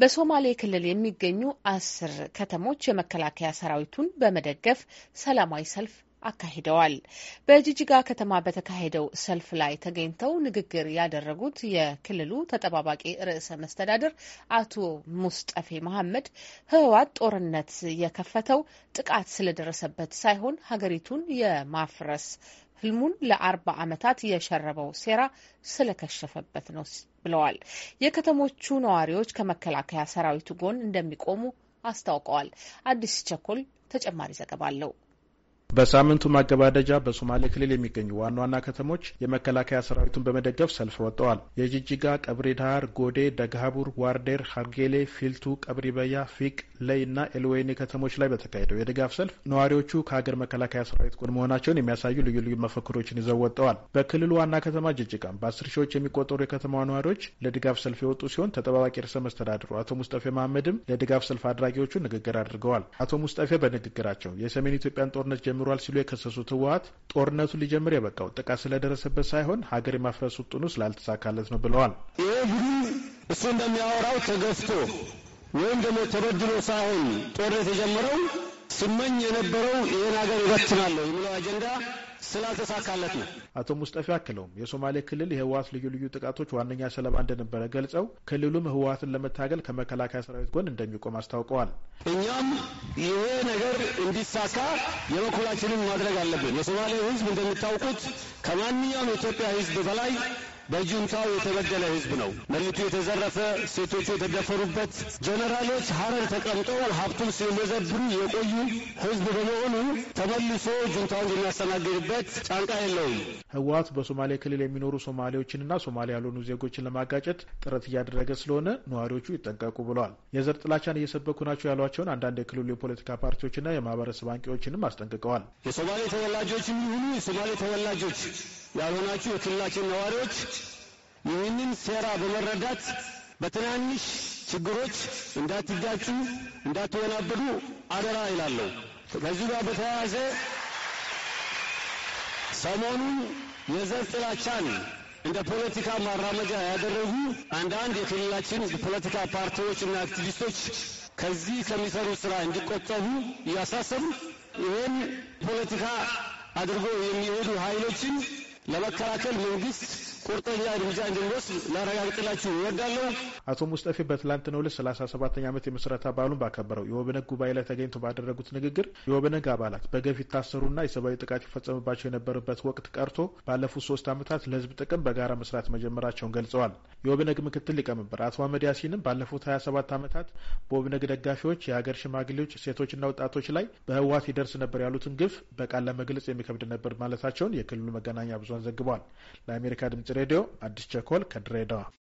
በሶማሌ ክልል የሚገኙ አስር ከተሞች የመከላከያ ሰራዊቱን በመደገፍ ሰላማዊ ሰልፍ አካሂደዋል። በጂጂጋ ከተማ በተካሄደው ሰልፍ ላይ ተገኝተው ንግግር ያደረጉት የክልሉ ተጠባባቂ ርዕሰ መስተዳድር አቶ ሙስጠፌ መሐመድ ህወሓት ጦርነት የከፈተው ጥቃት ስለደረሰበት ሳይሆን ሀገሪቱን የማፍረስ ህልሙን ለአርባ ዓመታት የሸረበው ሴራ ስለከሸፈበት ነው ብለዋል። የከተሞቹ ነዋሪዎች ከመከላከያ ሰራዊቱ ጎን እንደሚቆሙ አስታውቀዋል። አዲስ ቸኮል ተጨማሪ ዘገባ አለው። በሳምንቱ ማገባደጃ በሶማሌ ክልል የሚገኙ ዋና ዋና ከተሞች የመከላከያ ሰራዊቱን በመደገፍ ሰልፍ ወጥተዋል። የጂጂጋ፣ ቀብሪ ዳሃር፣ ጎዴ፣ ደግሃቡር፣ ዋርዴር፣ ሀርጌሌ፣ ፊልቱ፣ ቀብሪ በያ፣ ፊቅ፣ ለይ እና ኤልወይኒ ከተሞች ላይ በተካሄደው የድጋፍ ሰልፍ ነዋሪዎቹ ከሀገር መከላከያ ሰራዊት ጎን መሆናቸውን የሚያሳዩ ልዩ ልዩ መፈክሮችን ይዘው ወጥተዋል። በክልሉ ዋና ከተማ ጅጅጋም በአስር ሺዎች የሚቆጠሩ የከተማዋ ነዋሪዎች ለድጋፍ ሰልፍ የወጡ ሲሆን ተጠባባቂ ርዕሰ መስተዳድሩ አቶ ሙስጠፌ መሐመድም ለድጋፍ ሰልፍ አድራጊዎቹ ንግግር አድርገዋል። አቶ ሙስጠፌ በንግግራቸው የሰሜን ኢትዮጵያን ጦርነት ጀምሯል ሲሉ የከሰሱት ህወሀት ጦርነቱ ሊጀምር የበቃው ጥቃት ስለደረሰበት ሳይሆን ሀገር የማፍረስ ውጥኑ ስላልተሳካለት ነው ብለዋል። ይህ ቡድን እሱ እንደሚያወራው ተገፍቶ ወይም ደግሞ ተበድሎ ሳይሆን ጦርነት የጀመረው ስመኝ የነበረው ይህን ሀገር ይበትናለሁ የሚለው አጀንዳ ስላልተሳካለት ነው። አቶ ሙስጠፊ አክለውም የሶማሌ ክልል የህወሀት ልዩ ልዩ ጥቃቶች ዋነኛ ሰለባ እንደነበረ ገልጸው ክልሉም ህወሀትን ለመታገል ከመከላከያ ሰራዊት ጎን እንደሚቆም አስታውቀዋል። እኛም ይሄ ነገር እንዲሳካ የበኩላችንን ማድረግ አለብን። የሶማሌ ህዝብ እንደሚታውቁት ከማንኛውም የኢትዮጵያ ህዝብ በላይ በጁንታው የተበደለ ህዝብ ነው። መሬቱ የተዘረፈ፣ ሴቶቹ የተደፈሩበት፣ ጀነራሎች ሀረር ተቀምጠው ሀብቱን ሲመዘብሩ የቆዩ ህዝብ በመሆኑ ተመልሶ ጁንታውን የሚያስተናግድበት ጫንቃ የለውም። ህወሀት በሶማሌ ክልል የሚኖሩ ሶማሌዎችንና ሶማሌ ያልሆኑ ዜጎችን ለማጋጨት ጥረት እያደረገ ስለሆነ ነዋሪዎቹ ይጠንቀቁ ብለዋል። የዘር ጥላቻን እየሰበኩ ናቸው ያሏቸውን አንዳንድ የክልሉ የፖለቲካ ፓርቲዎችና የማህበረሰብ አንቂዎችንም አስጠንቅቀዋል። የሶማሌ ተወላጆች የሚሆኑ የሶማሌ ተወላጆች ያልሆናችሁ የክልላችን ነዋሪዎች ይህንን ሴራ በመረዳት በትናንሽ ችግሮች እንዳትጋጩ፣ እንዳትወናብዱ አደራ ይላለሁ። ከዚህ ጋር በተያያዘ ሰሞኑን የዘር ጥላቻን እንደ ፖለቲካ ማራመጃ ያደረጉ አንዳንድ የክልላችን ፖለቲካ ፓርቲዎች አክቲቪስቶች ከዚህ ከሚሰሩ ስራ እንዲቆጠቡ እያሳሰቡ ይህን ፖለቲካ አድርጎ የሚሄዱ ኃይሎችን لما كراكل من قس ቁርጠኛ እርምጃ እንደሚወስድ ላረጋግጥላችሁ እወዳለሁ። አቶ ሙስጠፌ በትላንትናው ዕለት ሰላሳ ሰባተኛ ዓመት የምስረታ በዓሉን ባከበረው የወብነግ ጉባኤ ላይ ተገኝቶ ባደረጉት ንግግር የወብነግ አባላት በገፍ ይታሰሩና የሰብአዊ ጥቃት ይፈጸምባቸው የነበረበት ወቅት ቀርቶ ባለፉት ሶስት ዓመታት ለህዝብ ጥቅም በጋራ መስራት መጀመራቸውን ገልጸዋል። የወብነግ ምክትል ሊቀመንበር አቶ አህመድ ያሲንም ባለፉት 27 ዓመታት በወብነግ ደጋፊዎች፣ የሀገር ሽማግሌዎች፣ ሴቶችና ወጣቶች ላይ በህወሓት ይደርስ ነበር ያሉትን ግፍ በቃል ለመግለጽ የሚከብድ ነበር ማለታቸውን የክልሉ መገናኛ ብዙን ዘግበዋል። ለአሜሪካ ድምጽ ሬዲዮ አዲስ ቸኮል ከድሬዳዋ